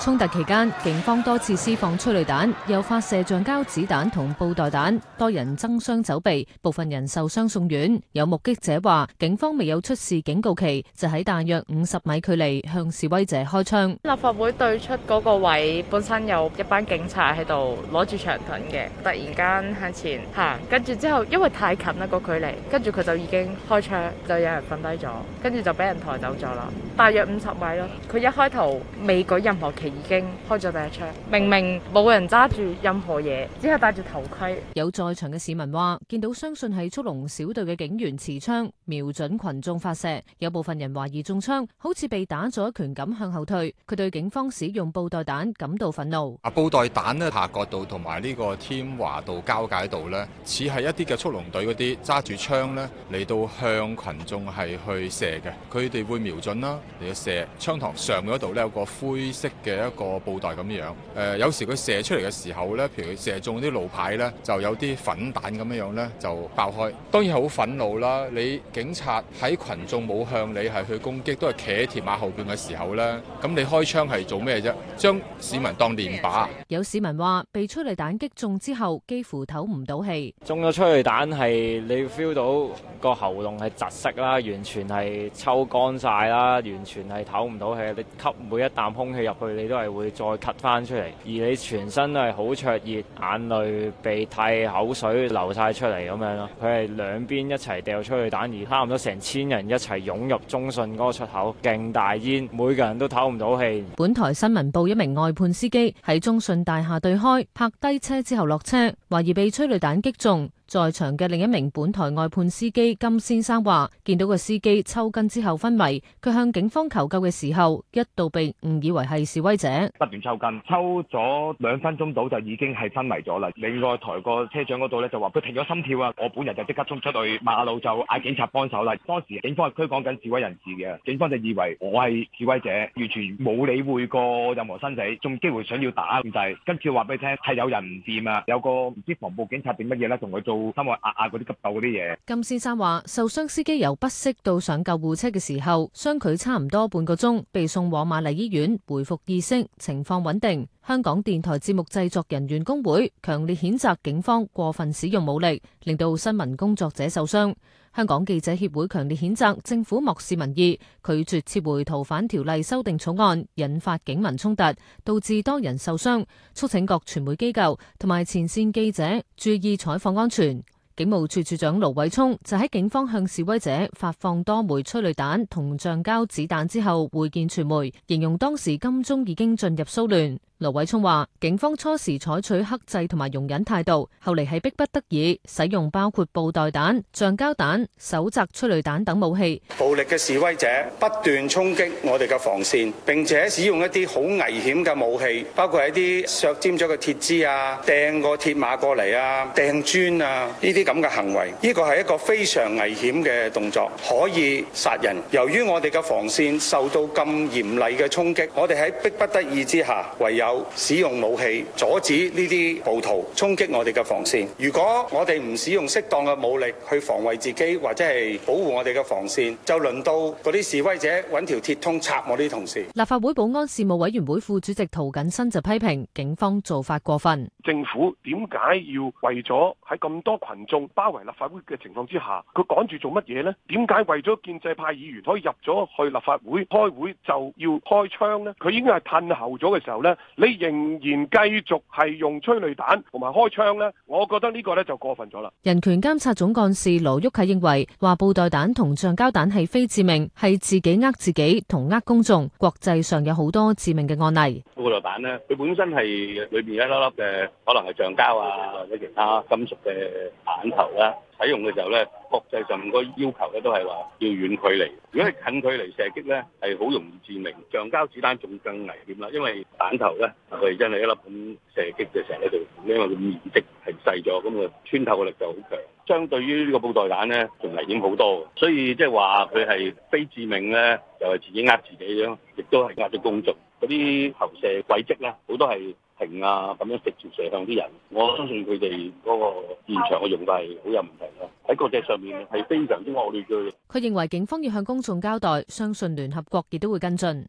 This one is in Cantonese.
衝突期間，警方多次施放催淚彈，又發射橡膠子彈同布袋彈，多人爭相走避，部分人受傷送院。有目擊者話，警方未有出示警告旗，就喺大約五十米距離向示威者開槍。立法會對出嗰個位本身有一班警察喺度攞住長盾嘅，突然間向前行，跟住之後因為太近啦個距離，跟住佢就已經開槍，就有人瞓低咗，跟住就俾人抬走咗啦。大約五十米咯，佢一開頭未舉任何旗。已經開咗第一槍，明明冇人揸住任何嘢，只係戴住頭盔。有在場嘅市民話：，見到相信係速龍小隊嘅警員持槍瞄準群眾發射，有部分人懷疑中槍，好似被打咗一拳咁向後退。佢對警方使用布袋彈感到憤怒。啊，布袋彈呢，夏愨道同埋呢個添華道交界度呢，似係一啲嘅速龍隊嗰啲揸住槍呢嚟到向群眾係去射嘅。佢哋會瞄準啦嚟射，槍膛上嗰度呢，有個灰色嘅。一個布袋咁樣，誒、呃，有時佢射出嚟嘅時候咧，譬如佢射中啲路牌咧，就有啲粉彈咁樣樣咧，就爆開，當然好憤怒啦。你警察喺群眾冇向你係去攻擊，都係企喺鐵馬後邊嘅時候咧，咁你開槍係做咩啫？將市民當練靶。有市民話被催淚彈擊中之後，幾乎唞唔到氣。中咗催淚彈係你 feel 到個喉嚨係窒息啦，完全係抽乾晒啦，完全係唞唔到氣，你吸每一啖空氣入去你。都係會再咳翻出嚟，而你全身都係好灼熱，眼淚、鼻涕、口水流晒出嚟咁樣咯。佢係兩邊一齊掉催淚彈，而差唔多成千人一齊湧入中信嗰個出口，勁大煙，每個人都唞唔到氣。本台新聞部一名外判司機喺中信大廈對開泊低車之後落車，懷疑被催淚彈擊中。在場嘅另一名本台外判司機金先生話，見到個司機抽筋之後昏迷，佢向警方求救嘅時候，一度被誤以為係示威者，不斷抽筋，抽咗兩分鐘到就已經係昏迷咗啦。另外台個車長嗰度呢，就話佢停咗心跳啊！我本人就即刻衝出去馬路就嗌警察幫手啦。當時警方係驅趕緊示威人士嘅，警方就以為我係示威者，完全冇理會過任何生死，仲機會想要打就係，跟住話俾你聽係有人唔掂啦，有個唔知防暴警察定乜嘢咧，同佢做。因為壓壓嗰啲急救嗰啲嘢。金先生話，受傷司機由不識不適到上救護車嘅時候，相距差唔多半個鐘，被送往瑪麗醫院，回復意識，情況穩定。香港電台節目製作人員工會強烈譴責警方過分使用武力，令到新聞工作者受傷。香港記者協會強烈譴責政府漠視民意，拒絕撤回逃犯條例修訂草案，引發警民衝突，導致多人受傷。促請各傳媒機構同埋前綫記者注意採訪安全。警務處處長盧偉聰就喺警方向示威者發放多枚催淚彈同橡膠子彈之後會見傳媒，形容當時金鐘已經進入騷亂。盧偉聰話：警方初時採取克制同埋容忍態度，後嚟係逼不得已使用包括布袋彈、橡膠彈、手擲催淚彈等武器。暴力嘅示威者不斷衝擊我哋嘅防線，並且使用一啲好危險嘅武器，包括一啲削尖咗嘅鐵枝個鐵啊、掟個鐵馬過嚟啊、掟磚啊呢啲咁嘅行為，呢個係一個非常危險嘅動作，可以殺人。由於我哋嘅防線受到咁嚴厲嘅衝擊，我哋喺逼不得已之下，唯有。使用武器阻止呢啲暴徒衝擊我哋嘅防線。如果我哋唔使用適當嘅武力去防衛自己，或者係保護我哋嘅防線，就輪到嗰啲示威者揾條鐵通插我啲同事。立法會保安事務委員會副主席涂謹申就批評警方做法過分。政府點解要為咗喺咁多群眾包圍立法會嘅情況之下，佢趕住做乜嘢咧？點解為咗建制派議員可以入咗去立法會開會就要開槍咧？佢已經係褪後咗嘅時候咧。你仍然繼續係用催淚彈同埋開槍咧，我覺得呢個咧就過分咗啦。人權監察總幹事羅旭啟認為，話布袋彈同橡膠彈係非致命，係自己呃自己同呃公眾。國際上有好多致命嘅案例。布袋彈咧，佢本身係裏面一粒粒嘅，可能係橡膠啊或者其他金屬嘅彈頭啦、啊。使用嘅時候咧，國際上個要求咧都係話要遠距離。如果係近距離射擊咧，係好容易致命。橡膠子彈仲更危險啦，因為彈頭咧佢真係一粒咁射擊嘅時候咧，就因為佢面積係細咗，咁啊穿透力就好強。相對於呢個布袋彈咧，仲危險好多。所以即係話佢係非致命咧，就係、是、自己呃自己咗，亦都係呃咗公眾。嗰啲投射軌跡呢，好多係。停啊！咁樣直接射向啲人，我相信佢哋嗰個現場嘅用法好有問題咯。喺國際上面係非常之惡劣嘅。佢認為警方要向公眾交代，相信聯合國亦都會跟進。